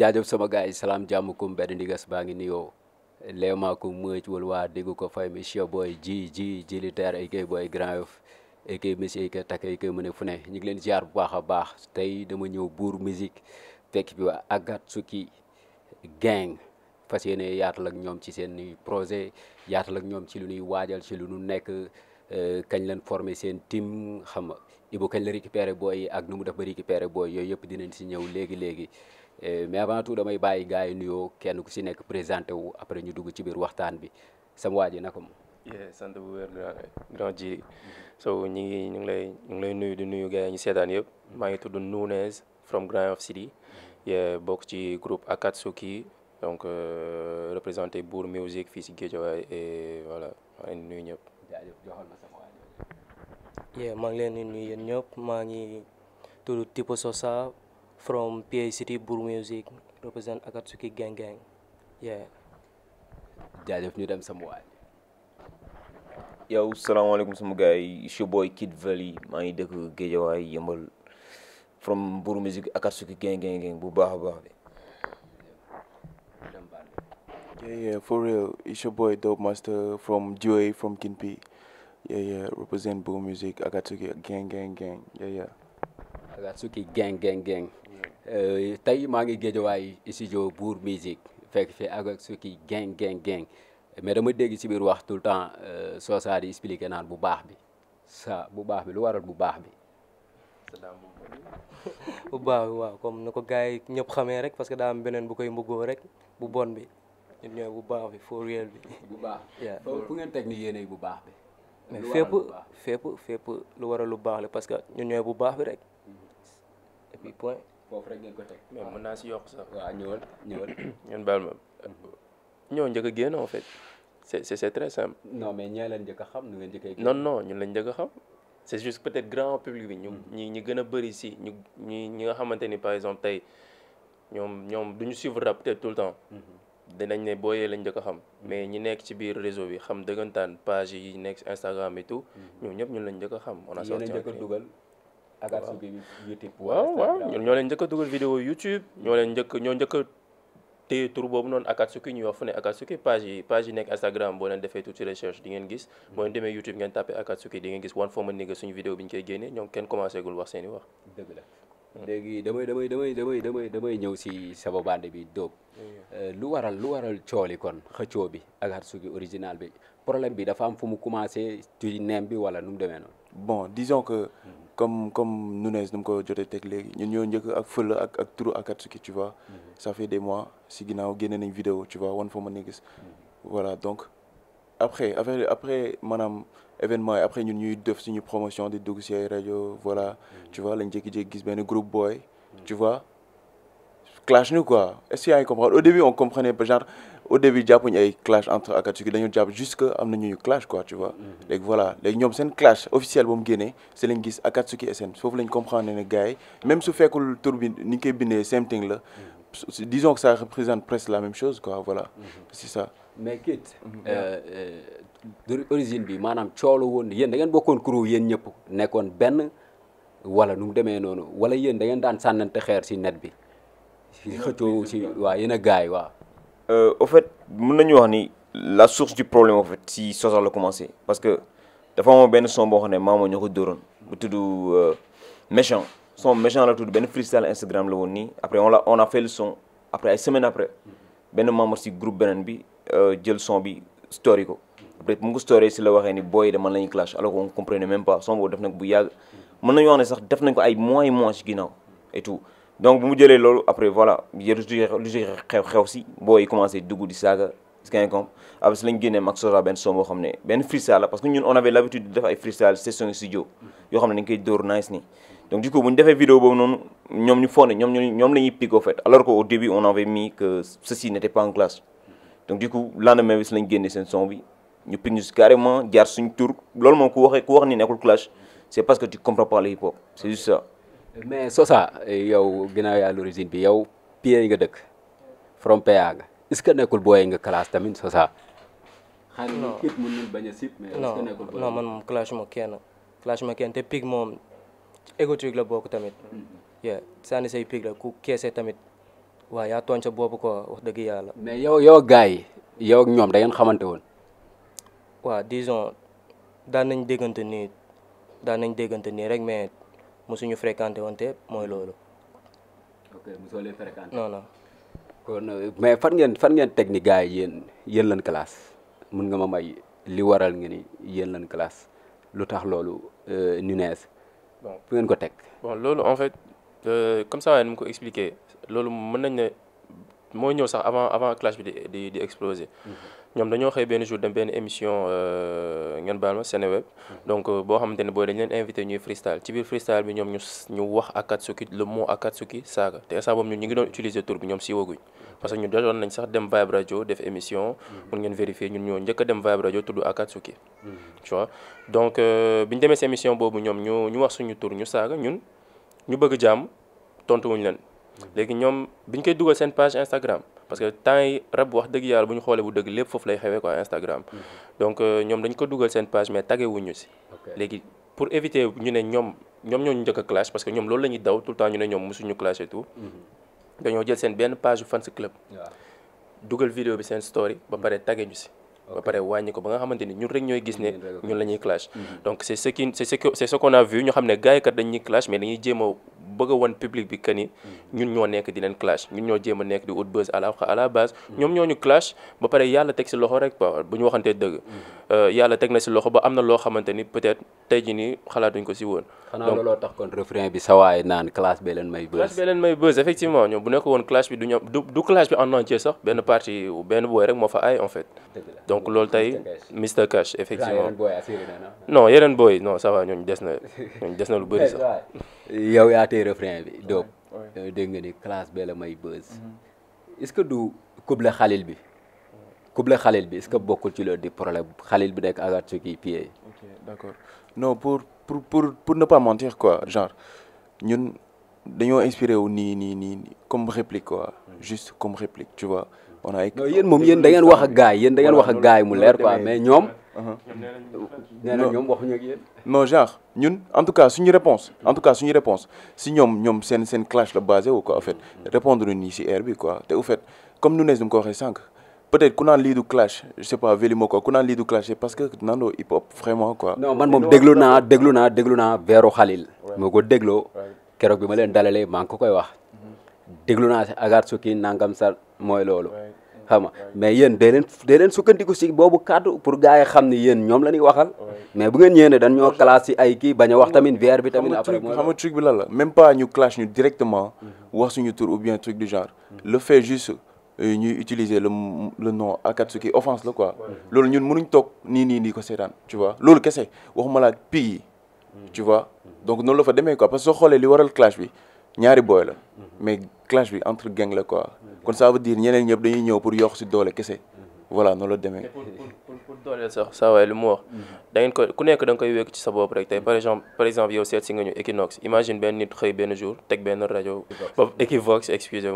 jaajëf sama gars yi salaam jàmm kum mbedd ndigas baa ngi nuyoo léew maa ko mëcc wala waa dégg ko fay monsieur booy ji ji ji li teer ay kay booy grand yof ay kay monsieur ay kay takk ay kay mu ne fu ne ñu ngi leen ziar bu baax a baax tey dama ñëw buur musique fekk bi waa Akatsuki gang fas yéene yaatal ak ñoom ci seen projet yaatal ak ñoom ci lu ñuy waajal ci lu nu nekk euh, kañ leen former seen team xam nga Ibu kañ la récupéré booy ak nu mu def ba récupéré booy yooyu yëpp dinañ si ñëw léegi léegi. Eh, mais avant tout damay bàyyi gars yi nuyoo kenn ku si nekk présenté wu après ñu dugg ci biir waxtaan bi sama waa ji naka moom. sant bu wér grand ji so ñu ngi ñu ngi lay ñu ngi lay nuyu di nuyu gars yi ñu seetaan yëpp maa ngi tudd Nunez from Grand Yoff City bokk ci groupe Akatsuki donc euh, représenté Bour Music fii si Guédiawaye et nuyu ñëpp. maa ngi leen di Sosa. from PA City Bour Music represent Akatsuki Gang Gang yeah. jaajëf ñu dem sama waay. yow salaamaaleykum sama gars yi it's Kid Valley maa ngi dëkk Géejawaay yëmbal from Bour Music Akatsuki Gang Gang Gang bu baax a baax bi. Yeah, yeah, for real. It's from Kinpi. Yeah, yeah, represent Boom Music, Akatsuki Gang Gang Gang. Yeah, yeah. Akatsuki Gang Gang Gang. Euh, tey maa ngi géejawaay studio buur Musique fekk fi ak suki ki geng geng mais dama dégg ci biir wax tout le temps euh, soo saa expliqué naan bu baax bi sa bu baax bi lu waral bu baax bi. bu baax bi waaw ko gars yi ñëpp xamee rek parce que daa am beneen bu koy mbuggoo rek bu bon bi ñun ñooy bu baax bi for real bu baax fépp fépp fépp lu waral lu baax la parce que ñun bu baax bi rek mm-hmm. foofu rek ngeen ko teg. mais mën naa si yokk sax. waaw ñëwal ñëwal. ngeen baal ma ñoo njëkk a génn en fait c'est c'est c'est très simple. non mais ñee leen njëkk a xam ñu leen njëkk ñun lañ njëkk a xam. c'est juste peut-être grand public bi ñu mm. ñi ñi gën a bëri si ñu ñi ñi nga xamante ni par exemple tey ñoom ñoom duñu suivre rap peut-être tout le temps mm-hmm. dinañ ne booyee lañ njëkk xam mm-hmm. mais ñi nekk ci biir réseau bi xam dëggantaan page yi nekk Instagram et tout mm-hmm. ñoo ñëpp ñun lañ njëkk a xam on a sorti dugal waaw waaw ñun ñoo leen njëkk a dugal vidéo YouTube ñoo leen njëkk ñoo njëkk a téye tur boobu noonu Akatsuki ñuy wax fu ne Akatsuki page yi page yi nekk Instagram boo leen defee tuuti recherche di ngeen gis hmm. boo leen demee YouTube ngeen tapé Akatsuki di ngeen gis one forma nigga suñu vidéo bi ñu koy génnee ñoom kenn commencé gul wax seen i wax dëgg la hmm. léegi damay damay damay damay ñëw si sama bi dóob hmm. euh, lu waral lu waral cooli kon xëccoo bi Akatsuki original bi problème bi dafa am fu mu commencé ci neem bi wala nu mu demee noonu comme comme Nunez nu mu ko jotee teg léegi ñun ñoo njëkk ak fël ak ak turu Akatsuki tu vois mhm. ça mois si ginnaaw génne nañ vidéo tu vois wan fa ma ne gis mhm. voilà donc après après après maanaam événement yi après ñun ñuy def suñu promotion di dugg si ay rajo voilà mhm. tu vois lañ jékki-jékki gis benn groupe boy tu vois clash ñu quoi est-ce que yaa au début on comprenait au début jàppuñu ay clash entre Akatsuki dañu jàpp juste que am nañu clash quoi tu vois. Mm-hmm. léegi voilà léegi ñoom seen clash officiel ba mu génnee su fekkul tur ni ñu koy bindee la mm-hmm. disons que ça représente presque la même chose quoi voilà. Mm-hmm. c'est ça. mais Kit. Euh, euh, origine bi maanaam coolu woon yéen da ngeen bokkoon kuréel yéen ñëpp nekkoon benn wala nu demee noonu wala yéen da ngeen daan sànnante xeer si net bi. si xëccoo si waa yéen gars yi waaw. Euh, au fait mën nañu wax ni la source du problème au fait si Sosaar la commencé parce que dafa amoon benn son boo xam ne maamoo ñoo ko dóoroon bu tudd euh, méchant son méchant la tudd benn freestyle Instagram la woon nii après on la a fait le son après ay semaine après benn membre si groupe beneen bi euh, jël son bi story ko après mu si la waxee ni booy de man la ñuy clash alors qu'on comprenait même pas son boobu def na ko bu nañu wax ne sax def nañ ko ay mois et mois ci ginnaaw et donc bu mu jëlee loolu après voilà yéen lu ci xew xew si booy commencé dugg di saaga est-ce que comme après si lañ génnee Max Sosa benn son boo xam ne benn freestyle la parce que ñun on avait l'habitude di def ay freestyle session studio yoo xam ne dañ koy dóor nice nii donc du coup bu ñu defee vidéo boobu noonu ñoom ñu fonde ñoom ñu ñoom la ñuy pique alors que au début on avait mis que ceci n'était pas en classe donc du coup lendemain bi si lañ génnee seen son bi ñu pique ñu si carrément jaar suñ tour loolu waxee ku wax ni nekkul clash c'est parce que mais Sosa yow ginnaaw yaa l'origine bi yow Pinet nga dëkk from PA nga est que nekkul booy nga classe tamit Sosa. xaaral ñu a sip mais est-ce que man moom clash ma kenn clash ma kenn te pig moom égo truc la bokk tamit. Mm-hmm. yeah sànni say pig la ku keese tamit waaw yaa tooñ sa boobu ko wax dëgg yàlla. mais yow yow gars yi yow ak ñoom da ngeen xamante woon. waaw disons daan nañ déggante nii daan nañ déggante nii rek mais. mosuñu fréquenté wante mooy hmm. loolu. ok mosoo leen fréquenté. non non. kon mais fan ngeen fan ngeen teg ni gars yi yéen yéen lan classe mun nga ma may li waral ngeen ni yéen lan classe lu tax loolu Nunez. Euh, bon fu ngeen ko teg. bon loolu en fait euh, comme ça waaye ni ko expliqué loolu mën nañ ne moo ñëw sax avant avant clash bi di di di ñoom dañoo xëy benn jour dem benn émission euh, ngeen baal ma Seneweb mm-hmm. donc euh, boo xamante ne booy dañ leen invité ñuy freestyle ci biir freestyle bi ñoom ñu ñu wax Akatsuki le mot Akatsuki saaga te instant boobu ñun ñu ngi doon utiliser tour bi ñoom siiwaguñ mm-hmm. parce que ñu jotoon nañ sax dem Vibe Radio def émission mun mm-hmm. ngeen vérifier ñun ñoo njëkk a dem Vibe Radio tudd Akatsuki tu vois donc euh, bi ñu demee si émission boobu ñoom ñu ñu wax suñu tour ñu saaga ñun ñu bëgg jàmm tontuwuñ leen léegi ñoom biñ koy dugal seen page Instagram parce que temps yi rab wax dëgg yàlla bu ñu xoolee bu dëgg lépp foofu lay xewee quoi Instagram. Mhm. donc euh, ñoom dañ ko dugal seen page mais tagge si. léegi pour éviter ñu ne ñoom ñoom ñoo ñu njëkk a parce que ñoom loolu la ñuy daw tout le temps ñu ne ñoom mosuñu clash et tout. Mhm. dañoo jël seen benn page fans club. dugal vidéo bi seen story ba mhm. pare tagge ñu si. ba pare wàññi ko ba nga xamante ni ñun rek ñooy gis ne ñun la ñuy clash mm-hmm. donc c'est ce qui c'est ce que c'est ce qu'on a vu ñu xam ne gars yi kat dañuy clash mais dañuy jéem a bëgg a wan public bi que ni mm-hmm. ñun ñoo nekk di leen clash ñun ñoo jéem a nekk di ut buzz à la à la base mm-hmm. ñoom ñoo ñu clash ba pare yàlla teg si loxo rek quoi bu ñu waxantee dëgg euh, yàlla teg na si loxo ba am na loo xamante ni peut-être tey ji ni xalaatuñ ko si woon xanaa looloo tax kon refrain bi sawaay naan clash bee leen may buzz clash bee leen may buzz effectivement ñoom bu nekk woon clash bi du ñoom du clash bi en entier sax benn partie benn booy rek moo fa aay en fait donc donc loolu tey Mister Cash effectivement ah. non yeneen booy non ça va ñooñu des na na lu bëri sax. yow yaa tey bi Dóob. Euh, dégg nga ni classe bee la may buzz. Mm-hmm. est-ce que du Kubla Xalil bi. Kubla Xalil bi est-ce que bokkul ci loolu di problème Xalil bi nekk Akatsuki pied. ok no pour pour pour pour ne pas mentir quoi genre ñun dañoo inspiré wu nii nii nii comme réplique quoi mm-hmm. juste comme réplique tu vois. on a yéen moom yéen da ngeen wax ak gars yi yéen da ngeen wax ak gars mu leer quoi mais ñoom. nee genre ñun en tout cas suñu réponse en tout cas suñu réponse si ñoom ñoom seen seen clash la basé wu quoi en fait répondre nii si air bi quoi te au fait comme Nunez ni mu ko waxee sànq. peut-être ku naan lii du clash je sais pas Velimo quoi ku naan lii du clash parce que Nando hip hop vraiment quoi. man moom déglu naa déglu naa déglu naa Veeru Xalil. moo ko dégloo keroog bi ma leen dalalee maa ngi ko koy wax. déglu naa si Agatsuki sa mooy loolu. xam nga mais yéen dee leen sukkandiku si boobu kàddu pour gars yi xam ni yéen ñoom la ñuy waxal mais bu ngeen ñëwee ne dañ ñoo clash si ay kii bañ a wax tamit VR bi tamit après mooy nga truc bi lan la même pas ñu clash ñu directement wax suñu tur ou bien truc du genre le fait juste euh, ñuy utiliser le a nom Akatsuki offense la quoi loolu ñun mënuñ toog nii nii nii ko seetaan tu vois loolu kese waxuma la pig yi hmm. tu vois hmm. donc noonu la fa demee ko parce que xoolee li waral clash bi ñaari booy la mais clash bi entre gang la quoi kon ça veut ñeneen ñëpp dañuy ñëw pour yokk si doole kese voilà noonu la demee. Mhm. ku nekk da koy wékk ci sa bopp rek tey par exemple par exemple yow seet si nga ñu Equinox imagine benn nit xëy benn jour teg benn rajo. ba Equivox excusez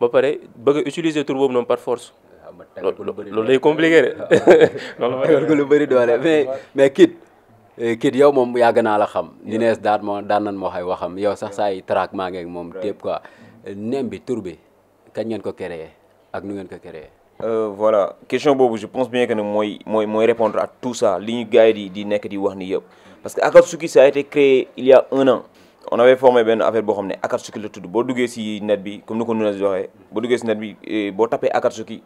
ba pare bëgg a utiliser boobu noonu par force. Ah, loolu day compliqué de. loolu mooy kit. Eh, kit yow moom yàgg naa la xam Niness daan moo daan nan moo xay waxam yow sax saa yi track maa ngeeg moom tépp quoi nem bi tur bi kañ ngeen ko créé ak nu ngeen ko créé euh, voilà question boobu je pense bien que ne mooy mooy mooy répondre à tout ça li ñu gars yi di di nekk di wax ni yëpp parce que Akatsuki ça a été créé il y un an on avait formé benn affaire boo xam ne Akatsuki la tudd boo duggee si net bi comme ni ko Niness duggee si net bi eh, boo tapee Akatsuki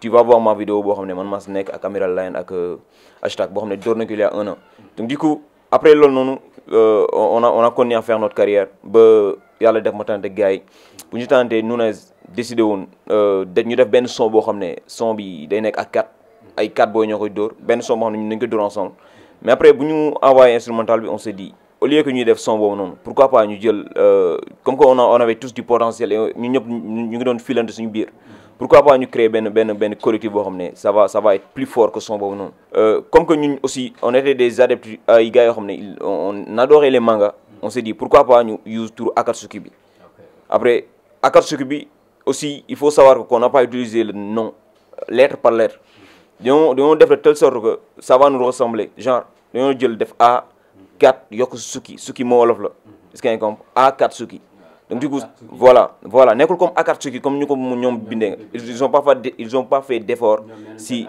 tu vas voir ma vidéo boo xam ne man maa si nekk ak Amiral Line ak euh, hashtag boo xam ne door nañu ko il a un an donc du coup après loolu noonu euh, on a on a continué à carrière ba yàlla def ma tante gars yi bu ñu tante Nunez décidé woon euh, da ñu def benn son boo xam ne son bi day nekk ak quatre ay ñoo koy dóor benn son boo xam ne nañu ko dóor ensemble mais après bu ñu envoyé instrumental bi on s'est dit au lieu que ñuy def son boobu noonu pourquoi pas ñu jël comme que on on avait tous du ñu ñëpp ñu ngi doon filante suñu biir pourquoi pas ñu créer benn benn benn collectif boo xam ne sa va ça va être plus fort que son boobu noonu. Euh, comme que ñu aussi on était des adeptes y gars yoo xam ne on adorait les mangas on s'est dit pourquoi pas ñu use tour Akatsuki bi après Akatsuki bi aussi il faut savoir ko qu'on n'a pas utilisé le nom lettre par lettre dañoo dañoo def de telle sorte que ça va nous ressembler genre dañoo jël def A 4 yokk suki suki moo wolof la est-ce que A 4 suki. donc du coup voilà voilà nekkul comme Akatsuki comme ñu ko ñoom bindee ils ont pas fait ils ont pas fait d'effort si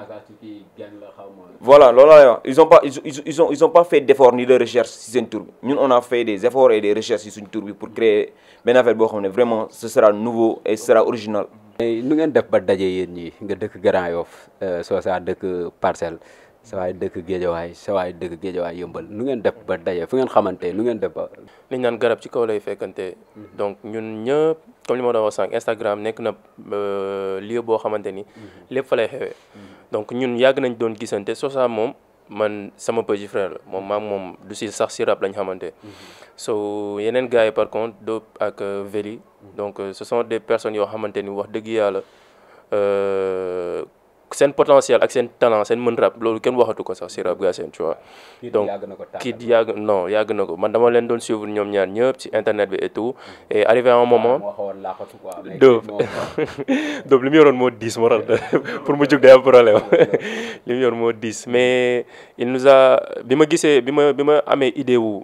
voilà loolu lay wax ils ont pas ils ils ont ils ont pas fait d'effort ni de recherche si seen tur bi ñun on a fait des efforts et des recherches si suñ tur bi pour créer benn affaire boo xam ne vraiment ce sera nouveau et ce sera original. nu ngeen def ba daje yéen ñi nga dëkk Grand Yoff euh, Sosa dëkk Parcelles. sawaay dëkk géejawaay sawaay dëkk géejawaay yëmbal nu ngeen def ba daje fu ngeen xamante nu ngeen def ba li ñu garab ci kaw lay fekkante mhm. donc ñun ñëpp comme li ma doon wax sànq Instagram nekk na euh, lieu boo xamante ni mhm. lépp mhm. donc ñun yàgg nañ doon gisante sosa moom man sama petit frère la moom maam moom du si sax si rab lañ xamante so yeneen gars yi par contre Dope ak euh, Veli donc euh, ce sont des personnes yoo xamante ni wax dëgg yàlla seen potentiel ak seen talent seen mën rap loolu kenn waxatu ko sax si rap ga seen tu vois. donc kii yàgg non yàgg na ko man dama leen doon suivre ñoom ñaar ñëpp ci internet bi et tout et arrivé à un moment. doof doof li mu yoroon moo diis moo tax pour mu jug day am problème li mu yoroon moo diis mais il nous a bi ma gisee bi ma bi ma amee idée wu.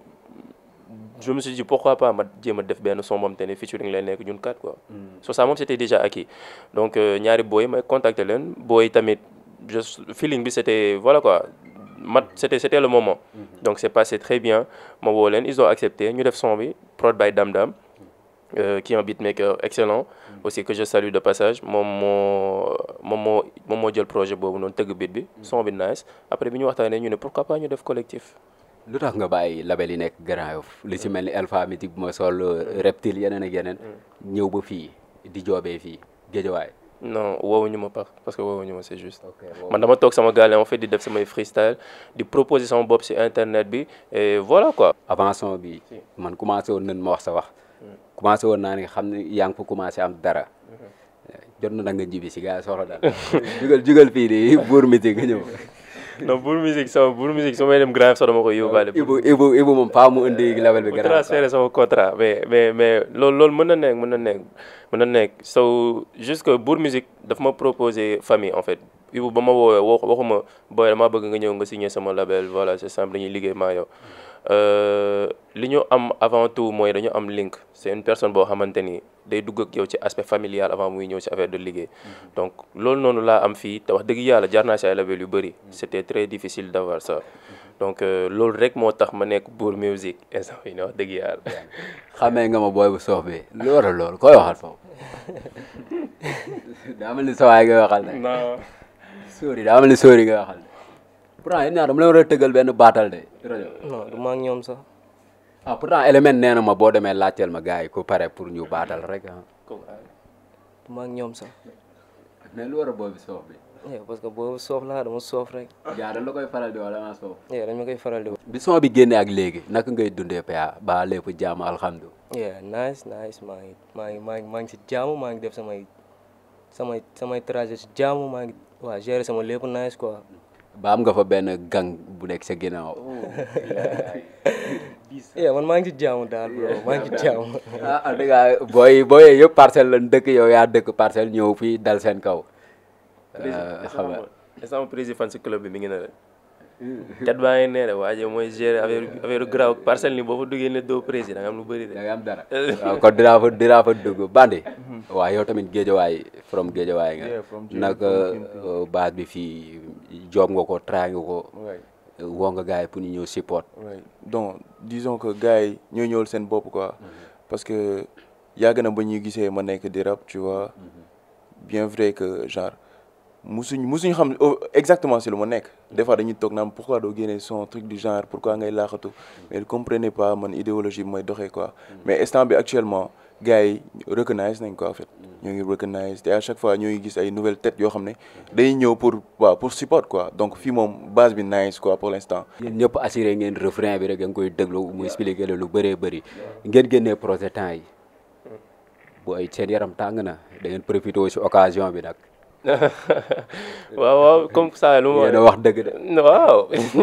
je me suis pourquoi pas ma jéem def benn son boo xam te ne featuring lay nekk ñun quatre quoi. Mm. so ça moom c' était déjà acquis donc euh, ñaari booy may contacter leen booy tamit juste feeling bi c' était voilà quoi mat c' était c' était moment. Mm-hmm. donc c' est passé très bien ma woo leen ils ont accepté ñu def son bi prod by Dam Dam. Mm. Euh, qui est un beatmaker excellent mm. aussi que je salue de passage moom moo moom moo moom moo jël projet boobu noonu tëgg beat bi mm. son bi nice après bi ñu waxtaanee ñu ne pourquoi pas ñu def collectif lu tax nga bàyyi label yi nekk Grand Yoff li ci mel ni Alpha Mythique bu ma sol euh, reptile yeneen ak yeneen. Mm. ñëw ba fii di joobee fii géejawaay. non ñu ma par parce que woowuñu ma c'est juste. man dama toog sama gaale en def samay freestyle di proposer sama bopp ci internet bi et voilà quoi. avant bi man commencé woon nañ ma wax sa wax. Mm. commencé woon naa ne xam ne yaa ngi fa commencé am dara. Mm-hmm. jot na nga jibi ci gars soxla daal. jugal jugal fii di buur Mythique nga ñëw. non buur musique sama buur musique su may dem grave sax dama koy yóbbaale. Ibu Ibu Ibu moom faa mu indi label bi. grave transféré sama contrat mais mais mais loolu loolu mën na nekk mën na nekk mën na nekk so que buur musique daf ma proposé famille en fait Ibu ba ma woowee ma booy damaa bëgg nga ñëw nga signé sama label voilà c'est simple dañuy liggéey maa yow. Euh, li ñu am avant tout mooy dañu am link c'est une personne boo xamante ni day dugg ak yow ci aspect familial avant muy ñëw ci affaire de liggéey mm-hmm. donc loolu noonu laa am fii te wax dëgg yàlla jaar naa ci ay label yu bëri mm-hmm. c'était très difficile d'avoir ça mm-hmm. donc euh, loolu rek moo tax ma nekk Buur Musique instant yi wax dëgg yàlla xamee nga ma booy bu soof bi lu waral loolu koy waxal foofu daa mel ni sawaay ngay waxal nag non sóori daa mel ni sóori ngay waxal pourtant a tëggal benn baatal de. non ñoom sax. ah pourtant élément na ma boo demee laajteel ma gars yi ko pare pour ñu baatal rek ah. ma ak ñoom sax. a boobu bi. Eh, parce que boobu soof laa dama soof rek. yaa koy faral koy faral di. Eh, bi son bi génnee ak léegi naka ngay dundee PA ba lépp jàmm alhamdulilah. nice nice maa ngi maa maa ngi si jàmm maa def samay samay samay trajet si jàmm maa waa gérer sama lépp nice quoi. baam nga fa benn gang bu nekk sa ginnaaw. eh man maa ngi ci jaamu daal bro ah, booy booy yëpp parcelle lan dëkk yow yaa dëkk parcelle ñëw fii dal seen kaw. Euh, xam nga fan si club mi ngi na cat baa ngi nee waa waaye mooy gérer affaire affaire garaaw parcelle ni boo fa duggee ne doo président nga lu bëri de. da nga am dara waaw kon dinaa fa dinaa fa dugg yow tamit géejawaay from géejawaay nga. nag uh, base bi fii joob nga ko traa nga ko. woo nga yi pour ñu ñëw support. donc disons que gars yi ñoo ñëwal seen bopp quoi. parce que yàgg na ba ñu gisee ma nekk di rap tu mm-hmm. bien vrai que genre. musuñ musuñ xam oh, exactement si lu ma nekk des fois dañuy toog naan pourquoi doo génne son truc du genre pourquoi ngay laaxatu mais comprenez pas man idéologie bi mooy doxee quoi mm. mais instant bi actuellement gars yi recognize nañ ko en mm. ñoo ngi recognize à chaque fois ñoo ngi gis ay nouvelles têtes yoo xam ne day ñëw pour waaw pour support quoi donc fii moom base bi nice quoi pour l' ñëpp assuré ngeen refrain bi rek nga koy déglu mu expliqué la lu ngeen génnee projet temps yi mm. bu ay seen yaram tàng na da ngeen profité si occasion bi nag waaw waaw comme ça waaye lu mu wax wax dëgg de waaw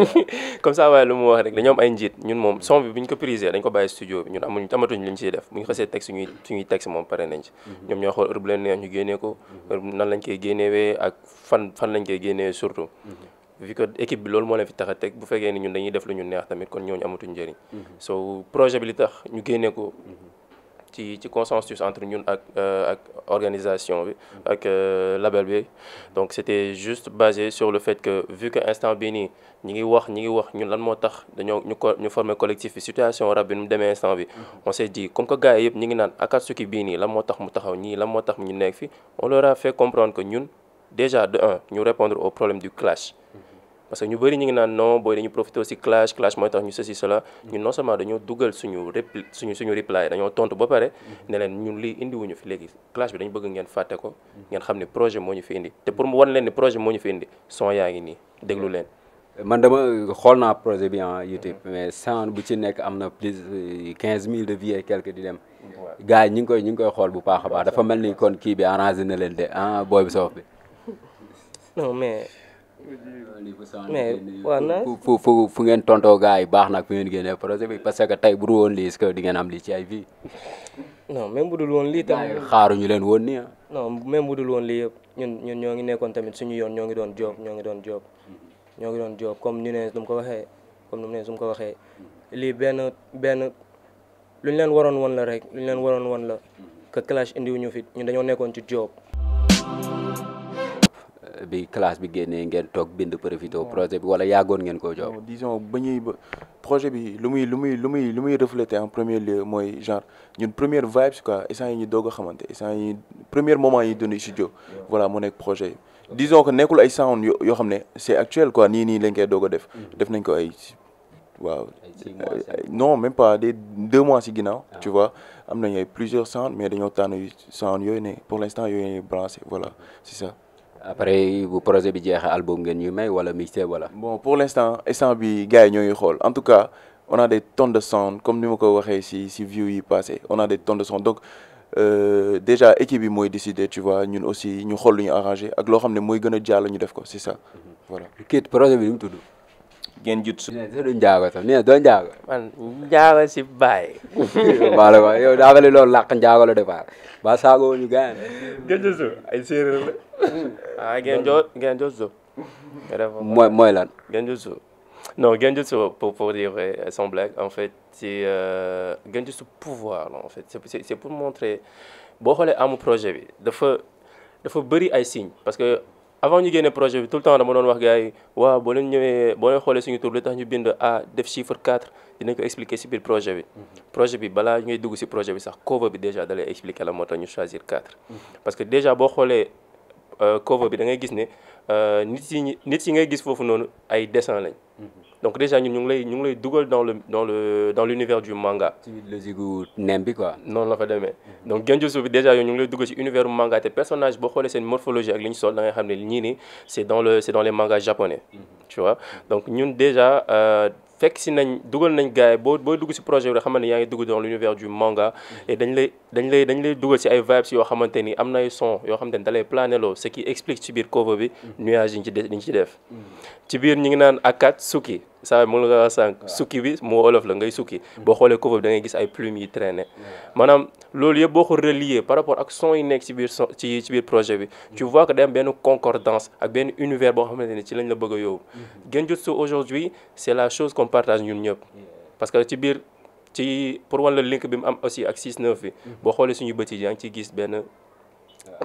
comme ça waaye mu wax rek dañoo am ay njiit ñun moom son bi bu ñu ko prisé dañ ko bàyyi studio bi ñun amuñ amatuñ lu ñu ciy def bu ñu xasee texte suñuy suñuy texte moom pare nañ ci mhm. ñoom ñoo xool ñu génnee ko mhm. nan lañ koy génnewee ak fan fan lañ koy génnewee surtout mhm. vu que équipe loolu moo leen fi tax teg bu fekkee ni ñun dañuy def lu ñu neex tamit kon ñooñu amatuñ njariñ so projet bi li tax ñu génnee ko ci ci consensus entre ñun ak euh, ak organisation bi ak euh, label bi donc c'était juste basé sur le fait que vu que instant bii nii ñi ngi wax ñi ngi wax ñun lan moo tax dañoo ñu ko ñu former collectif bi situation rab bi nu mu demee instant bi on s'est dit comme que gars yi yëpp ñi ngi naan Akatsuki bii nii lan moo tax mu taxaw ñii lan moo tax ñu nekk fi on leur a fait comprendre que ñun déjà de un ñu répondre au problème du clash parce que ñu bëri ñu ngi naan non booy dañu profité aussi clash clash mooy tax ñu ceci cela mm-hmm. ñun non seulement dañoo dugal suñu repli dañoo tontu ba pare mm-hmm. ne leen ñun lii indiwuñu fi léegi clash bi dañu bëgg ngeen fàtte ko mm-hmm. ngeen xam ne projet moo ñu fi indi te pour mu wan leen ni projet moo ñu fi indi son yaa ngi nii déglu leen man dama xool naa projet bi en ah, YouTube mais sans bu ci nekk am na plus euh, quinze mille de vues et quelques di dem gars yi ngi koy ñu ngi koy xool bu baax a baax dafa mel ni kon kii bi arrangé na leen de ah booy bi mais waaw na fu fu fu ngeen tontoo gars yi baax nag fu ngeen génnee projet bi parce que tey buru dul woon lii est-ce que lii ci ay vie non même bu dul woon lii tam xaaruñu leen woon nii ah. non même bu dul woon lii yëpp ñun ñun ñoo ngi nekkoon tamit suñu yoon ñoo ngi doon job ñoo ngi doon job ñoo ngi doon job comme ñu ne su ko waxee comme nu mu ne su ko waxee lii benn benn lu ñu leen waroon woon la rek lu ñu leen waroon woon la que clash indiwuñu fi ñun dañoo nekkoon ci job bi classe bi génnee ngeen toog bind profité projet bi wala yàggoon ngeen koo jox. disons ba ñuy projet bi lu muy lu muy lu muy lu muy refléter en premier lieu mooy genre ñun première vibes quoi instant yi ñu doog a xamante instant yi premier moment yi dund studio voilà mu nekk projet yi. disons que nekkul ay sound yoo xam ne c'est actuel quoi nii nii lañ koy doog a def. Mm-hmm. def nañ ko ay waaw. non même pas des deux mois si ginnaaw. Ah. tu vois am nañu ay plusieurs sound mais dañoo tànn sound yooyu ne pour l'instant yooyu branché voilà mm-hmm. c'est ça. après bu projet bi jeexee album ngeen ñuy may wala mixé wala. bon pour l' instant instant bi gars yi ñoo xool en tout cas on a des tonnes de son comme ni ma ko waxee si view yi passé on a des tonnes de son donc euh, déjà équipe bi mooy décider tu vois ñun aussi ñu xool lu ñu arrangé ak loo xam ne mooy gën a jàll ñu def ko c' ça mhm. voilà. kii projet bi ni mu ngeen jut su duñ njaago sax nee doo njaago njaago si bàyyi baala ko yow daa mel ni loolu làq njaago la départ ba saagoo ñu gaañ gëjë so ay séeréer la ah ngeen joo ngeen joo so mooy mooy lan ngeen joo so non pour pour dire sans en fait c'est euh, genjutsu pouvoir la en fait c'est pour montrer boo xoolee amu projet bi dafa dafa ay signes parce que avant ñu génne projet bi tout le temps dama doon wax gars yi waaw boo leen ñëwee boo leen xoolee suñu tur lu tax ñu bind A def chiffre 4 dinañ ko expliquer ci biir projet bi. Mhm. projet bi balaa ngay dugg ci projet bi sax cover bi déjà da lay expliquer la moo tax ñu choisir 4. Mhm. parce que déjà boo xoolee euh, cover bi da ngay gis ne euh, nit yi nit yi ngay gis foofu noonu ay dessin lañ. Mhm. donc déjà ñun ñu ngi lay ñu ngi lay dugal dans le dans le dans l'univers du manga. quoi. noonu la fa demee donc Genjutsu bi déjà yow ñu ngi lay dugal ci univers manga te personnage boo xoolee seen morphologie ak li ñu sol da ngay xam ne ñii c'est dans le c'est japonais. Mm-hmm. donc ñun déjà. Euh, fekk si nañ dugal nañ gars yi boo booy dugg si projet bi rek xamante yaa ngi dugg dans l'univers du manga mm-hmm. et dañ lay dañ lay dañ lay dugal si ay vibes yoo xamante ni am na ay son yoo xamante ni da lay plané loo ce qui explique ci biir cover bi mm-hmm. nuage yi ñu ci def ci biir ñu ngi naan Akatsuki saa mu la sànq sukki bi moo olof la ngay sukki mm. boo xoolee cover bi da ngay gis ay plumes yi traîner mm. maanaam loolu yëpp boo ko relier par rapport ak son yi nekk ci biir son ci ci biir projet bi mm. tu vois que benn concordance ak benn univers boo xamante ne ci lañ la bëgg a yóbbu mm-hmm. Genjutsu aujourd'hui c'est la chose qu'on partage ñun ñëpp parce que ci biir ci pour wan la link bi mu am aussi ak 6-9 bi mm-hmm. boo xoolee suñu bët yi yaa ngi ciy gis benn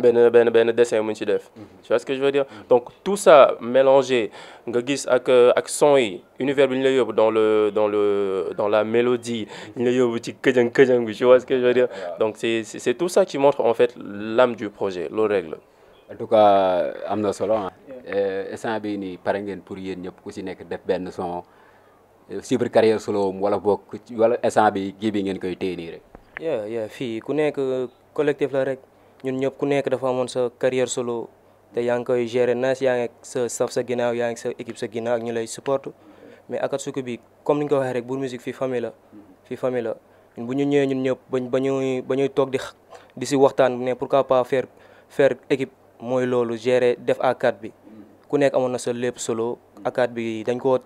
benn benn benn dessin mu ci def tu vois ce que je veux dire donc tout ça mélangé nga gis ak ak son yi univers bi ñu la yóbbu dans le le dans la mélodie ñu lay yóbbu ci këjëng këjëng bi tu vois ce que je veux dire donc c'est c'est tout ça qui montre en fait l'âme du projet loolu règle en tout cas am na solo instant bi nii pare ngeen pour yéen ñëpp ku ci nekk def benn son suivre carrière solo wala boog wala instant bi gi bi ngeen koy téye nii rek yeah yeah fii ku nekk collectif la rek ñun ñëpp ku nekk dafa amoon sa carrière solo te yaa ngi koy gérer naas yaa ngi ak sa staff sa ginnaaw yaa ngi sa équipe sa ginnaaw ak ñu lay support mais Akatsuki bi comme ni ñu ko waxee rek Bour Musique fii famille fii famille bu ñu ñëwee ñun ñëpp bañ ba ba ñuy toog di di si waxtaan ne pourquoi pas faire faire équipe mooy loolu gérer def a bi ku nekk amoon na sa lépp solo A4 dañ koo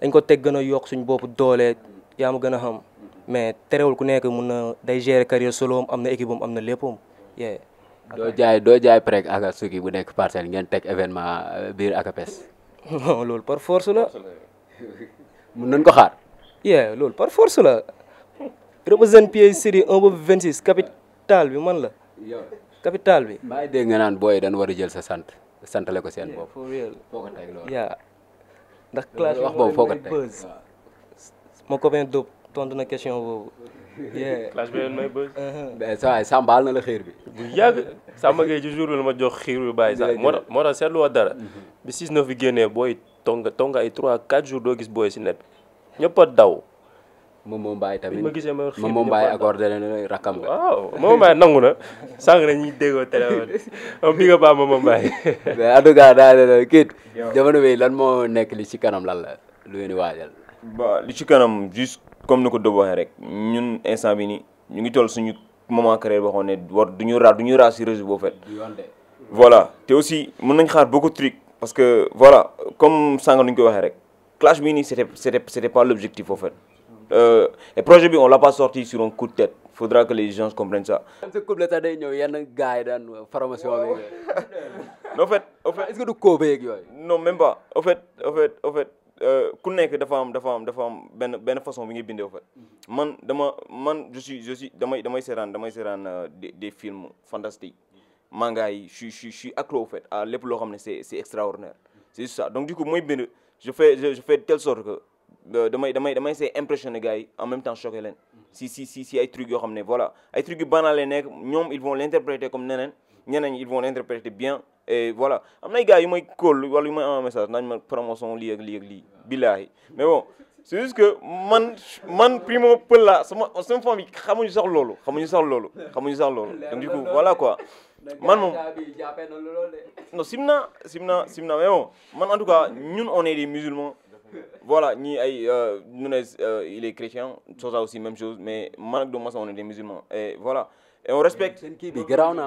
dañ ko teg gën a yokk suñu bopp doole yaa ma gën a xam mais terewul ku nekk mun na day gérer carrière solo am na équipe am na léppam yeah doo jaay doo jaay prek ak suki bu nekk parcelle ngeen teg événement euh, biir akapes non loolu par force la mun nañ ko xaar yee loolu par force la représente pied série 1 boobu 26 capital bi man la capital bi maa ngi dégg nga naan booy dañ war a jël sa sant santale ko seen bopp yaa ndax classe wax boobu foo tontu na question boobu clash bi may bëgg. Uh-huh. na la xiir bi. bu yàgg Samba Gueye la ma jox xiir bi bàyyi sax moo tax moo tax seetlu woon dara. Mhm. bi 6-9 bi génnee booy tonga tonga ay trois 4 jours doo gis booy si net ñëpp a daw. moom moom Mbaye tamit ma gisee ma moom moom Mbaye accordé na rakam nga. waaw moom Mbaye nangu na sànq na ñuy déggoo téléphone moom bi nga baax moom Mbaye. mais en tout cas daal la kii jamono bi lan moo nekk li ci kanam lan la lu ngeen di waajal. ba li ci comme ni ko Dóob waxee rek ñun instant bi nii ñu ngi toll suñu moment carrière boo xam ne du ñu raar du ñu raar si réseau boobu fet voilà te aussi mën nañ xaar beaucoup de parce que voilà comme sànga nu ñu koy waxee rek clash bii nii c'était c'était c'était pas l'objectif boo fet Euh, et projet bi on l'a pas sorti sur un coup de tête faudra que les gens comprennent ça. même si couple sax day ñëw yenn daan formation bi. en fait en fait est Euh, ku nekk dafa am dafa am dafa am benn benn façon bi ngay bindee fa man dama man je suis je suis damay damay seetaan damay seetaan euh, des des films fantastiques manga yi je suis je suis accro au fait loo xam ne c'est c'est extraordinaire c'est ça donc du coup mooy bind je fais je fais de telle sorte que euh, damay damay damay essayer impressionner gars en même temps choquer leen si si si ay trucs yoo xam ne voilà ay trucs yu banal nekk ñoom ils vont l'interpréter comme neneen ñeneen ils vont l'interpréter bien et voilà am na ay gars yu may kóol wala yu may am message nañ ma promotion lii ak lii ak lii billaahi mais bon c' est juste que man man primo pël la sama sama famille xamuñu sax loolu xamuñu sax loolu xamuñu sax loolu donc du coup voilà quoi man moom non simna simna simna mais bon man en tout ñun on est des musulmans voilà ñii ay euh, ñu ne euh, il est chrétien Sosa aussi même chose mais man ak doomu Massa on est des musulmans et voilà et kii bi garaaw na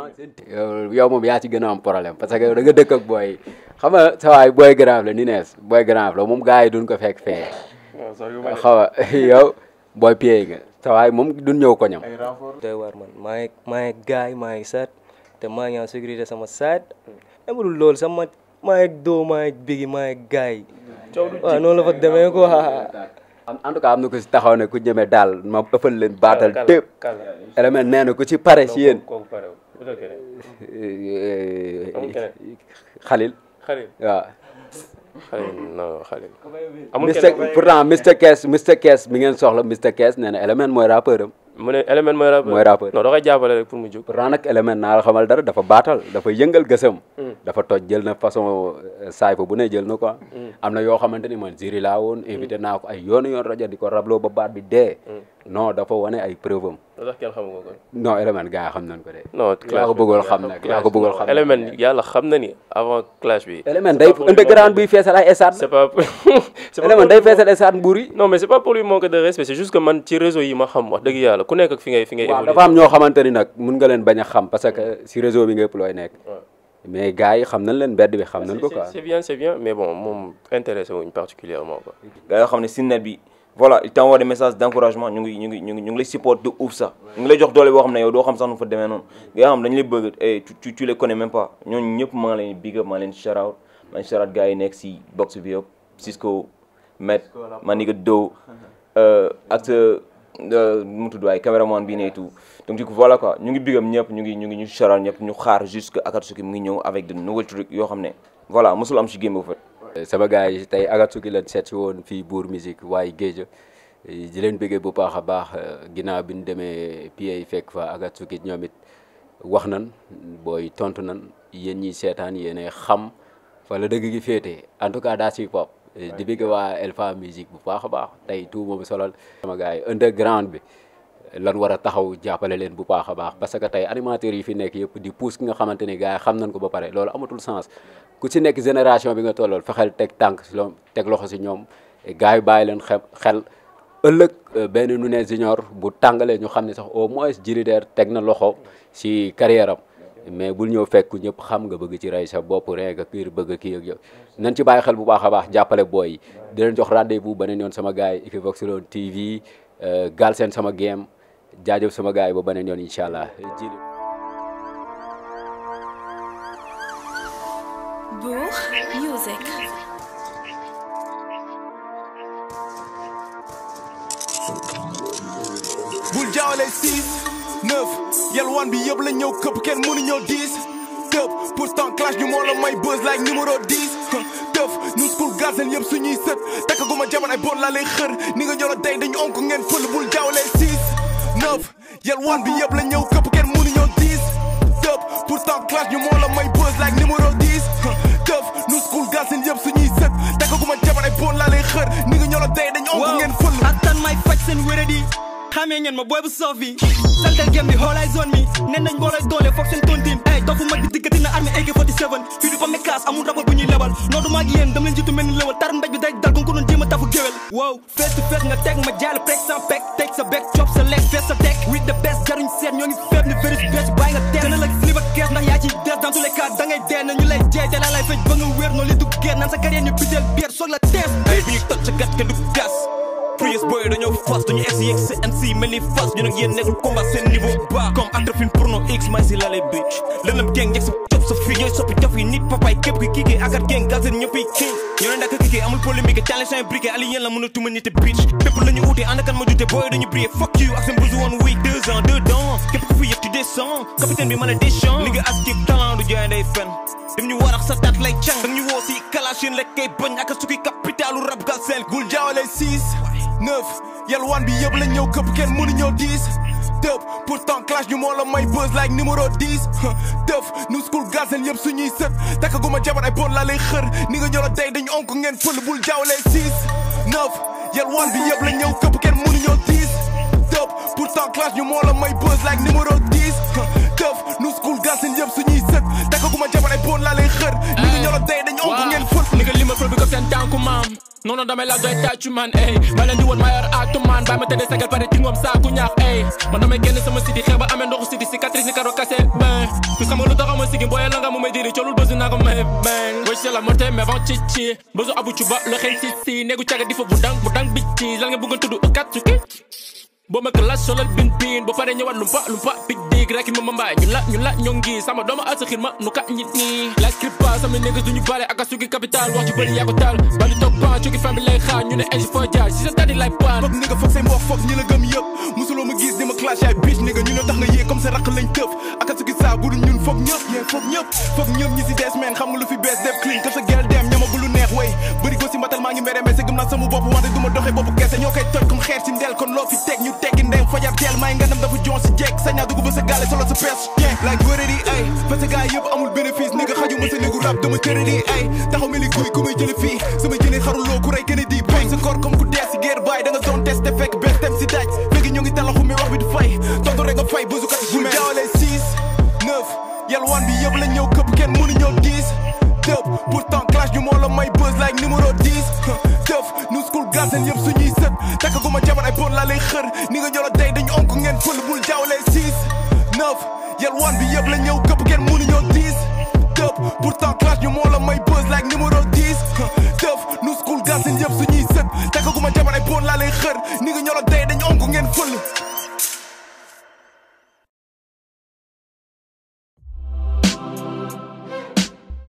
yow moom yaa ci gën a am problème parce que da nga dëkk ak booy xam nga sa waay booy grave ni nees booy grave moom gars yi duñ ko fek fee xaw a yow booy pied nga moom duñ ñëw ko ñam doy waar man maa ngi maa ngi maa ngi saat te maa ngi en sécurité sama saat amadul loolu sama maa ngi doo bigi maa ngi gars yi waaw noonu la fa en tout cas am na ko si taxaw ne ku ñeme daal ma ëppal leen baatal tépp élément nee na ku ci pare si yen xalil waaw non xalil amul kenn pourtant Mr Cash Mr Cash mi ngeen soxla Mr Cash nee na élément mooy rappeur am mu ne élément mooy rappeur mooy rappeur non pour mu jóg pourtant nag élément naa la dara dafa baatal dafa yëngal gësam hmm. dafa toj jël na façon euh, saay fa bu ne jël na ko hmm. am na yoo xamante ni man jiri laa woon invité hmm. naa ko ay yoonu yoon rajo di ko rabloo ba baat bi dee non dafa wane ay preuve am. Element gaa xam nañ ko de. non clash ko bëggoon xam yaa ko xam. Element na ni avant clash bi. Element day feesal ay stade. c'est mais c'est pas pour lui manque de respect c'est juste que man ci réseau yi ma xam wax dëgg yàlla ku nekk ak fi ngay fi ngay. évolué dafa am a xam que si réseau bi nga ëpp looy mais gars xam nañ leen mbedd bi xam nañ ko c'est bien c'est bien mais bon moom intéressé wuñ particulièrement quoi. gars xam ne si bi voilà il t'envoie des messages d'encouragement ñu ngi ñu ngi ñu ngi ñu ngi lay support de ouf sax ñu ngi lay jox doole boo xam ne yow doo xam sax nu fa demee noonu nga xam dañu lay bëgg et eh, maa leen big up maa leen nga Dow ak sa mu tudd waay caméraman bii ne tout donc voilà quoi ñu ngi big up ñëpp ñu ngi ñu ngi ñu shout out ñëpp ñu xaar jusque Akatsuki mu ngi ñëw avec de nouveaux trucs yoo xam ne voilà mosul am si game bu fa sama gars yi tey Akatsuki lañ seet si woon fii Bour Musique waaye géej di leen bëggee bu baax a baax ginnaaw bi ñu demee PA fekk fa Akatsuki ñoom it wax nan booy tontu nan yéen ñiy seetaan yéenay xam fa la dëgg gi féete en tout cas daa si pop di bëgg waa Elfa Musique bu baax a baax tey tout moom solal sama gars yi bi. lan war a taxaw jàppale leen bu baax a baax parce que tey animateurs yi fi nekk yëpp di pousse ki nga xamante ni gars yi xam nañ ko ba pare loolu amatul sens ku ci nekk génération bi nga tollool xel teg tànk si loom teg loxo si ñoom gars yi bàyyi leen xel xel ëllëg euh, benn Nunez Junior bu tàngalee ñu xam ne sax au moins Jili teg na loxo si carrière am mais bul ñëw fekk ñëpp xam nga bëgg ci rey sa bopp rek ak kii bëgg kii ak yow nañ ci bàyyi xel bu baax a baax jàppale booy yi di leen jox rendez-vous beneen yoon sama gars yi Equivox Lone TV euh, Galsen sama game jaajëf sama gars yi ba beneen yoon incha allah jili Music bul jaawale six neuf yalwaan bi yëpp la ñëw këpp kenn mënu ñëw dix tëb pourtant clash ñu moo la may buzz like numéro dix tëf ñun school garden yëpp suñuy sët takk gu ma jaman ay boon laa lay ni nga ñoro day dañu onk ngeen fël bul jaawale dëpp yel wan bi yëpp la ñëw këpp kenn mënu ñoo diis dëpp pourtant classe ñu moo la may buzz like numéro 10 këf nu school gas seen yëpp suñuy sët takkaguma jabar ay bon laa lay ni nga ñoo la day dañ onk ngeen fël attan may faj seen wéradi xamee ngeen ma booy bu soof bi saltel gem bi xoolaay mi nen nañ boolay doole foog seen tontin ay dofu mag bi diggati na armée AK47 fii du fa mekkaas amul rapport bu ñuy lebal noo du maag yéen dam tafu géwél wow fees to fees nga teg ma jaay la peg sans peg sa beg cop sa lekk fees sa teg with the best jaruñ seet ñoo ngi feeb ni virus bees nga teel na la sliba kees ndax yaa ci des dans tous les da ngay dee na ñu lay jeey te laa lay faj ba nga wér noonu li du géer naan sa carrière ñu biteel biir soog la tees ay bi ñu sa gat ke gas prius boy dañoo fas dañu egsi yegg si mel ni fas ñu nag yéen nekkul combat seen niveau bas comme entrepreneur porno so furieux soppi dof nit papay képp ki kiikee agar géng gazen ñëppay king ñoo ne kiikee amul polémique challenge sans briquet alien la mën a tuma nite bitch bépp la uute ànd kan ma jute booy dañu briller fuck you ak seen busu woon wuy deux ans deux dons képp ku fi yëg tu descends capitaine bi mën a deschamps li nga askib talent du jaay fen daf ñu warax sa taat lay cang dañu woo si kalash yéen lekkay bañ ak sukki capitalu rab gal gul jaawale six neuf yàlla tëb pourtant clash ñu moo la may buzz like numéro 10 tëf nu school gazen yëpp suñuy sët takkaguma jabar ay bon laa lay xër ni nga ñoro tey dañu onk ngeen fël bul jaawlee 6 9 yel wan bi yëpp la ñëw këpp kenn mënu ñoo tiis tëb pourtant clash ñu moo la may buzz like numéro 10 tëf nu school gazen yëpp suñuy sët takkaguma jabar ay bon laa lay xër ni nga ñoro tey dañu onk ngeen fël ni nga limal fël bi ko seen tànku maam non non damay la doy tàccu man ey ma leen di woon mayor aatu man bàyyi ma tëddee sagal pare ci ngoom saaku ñaax ey man damay génn sama sidi xew ba amee sidi cicatrice ni karo kase ben ku xamul lu taxaw ma sigi booyee la nga mu may diri colul bësu naa ko may ben wëy la morte mais van ci ci bësu abu ci ba lo xëy si si caga di fa bu dang bu dang bi ci lan nga kat su boo ma classe solal bin bin ba pare ñëwaat lu mpa lu mpa big dig rek ma ma mbaay ñu la ñu sama dooma asaxir ma nu ka ñit nii la scripa sama négas duñu bale ak asuki capital wax ci bëri yaa ko taal bandi toog pan cuki fan bi lay ne agi foo si sa tadi lay paan foog ni nga foog say mbokk foog ñi la gëm yëpp musuloo ma gis di ma clash ay bitch ni nga ñu ne tax nga yée comme sa raq lañ tëf ak asuki saa bu dul ñun mbatal maa ngi mere mais gëm naa sama bopp wante du ma doxee bopp kese ñoo koy toj comme xeer si ndel kon loo fi teg ñu teggi ndem fajab teel maa ngi ngandam dafa jon si jekk sañ naa dugg ba sa gaale sa pees jeen laaj wërër yi ay parce que gars yëpp amul bénéfice ni nga xaju sa néegu rab dama cëral yi ay taxaw guy ku may jële fii sama jëne xaruloo ku rey gën a di boy sa koor comme ku dee si baay da nga zone te fekk bés dem si fël bul jaawlee six neuf yalwaan bi yëpp la ñëw këpp kenn mënuñoo diis tëb pourtant clash ñu moo la may buzz like numéro dix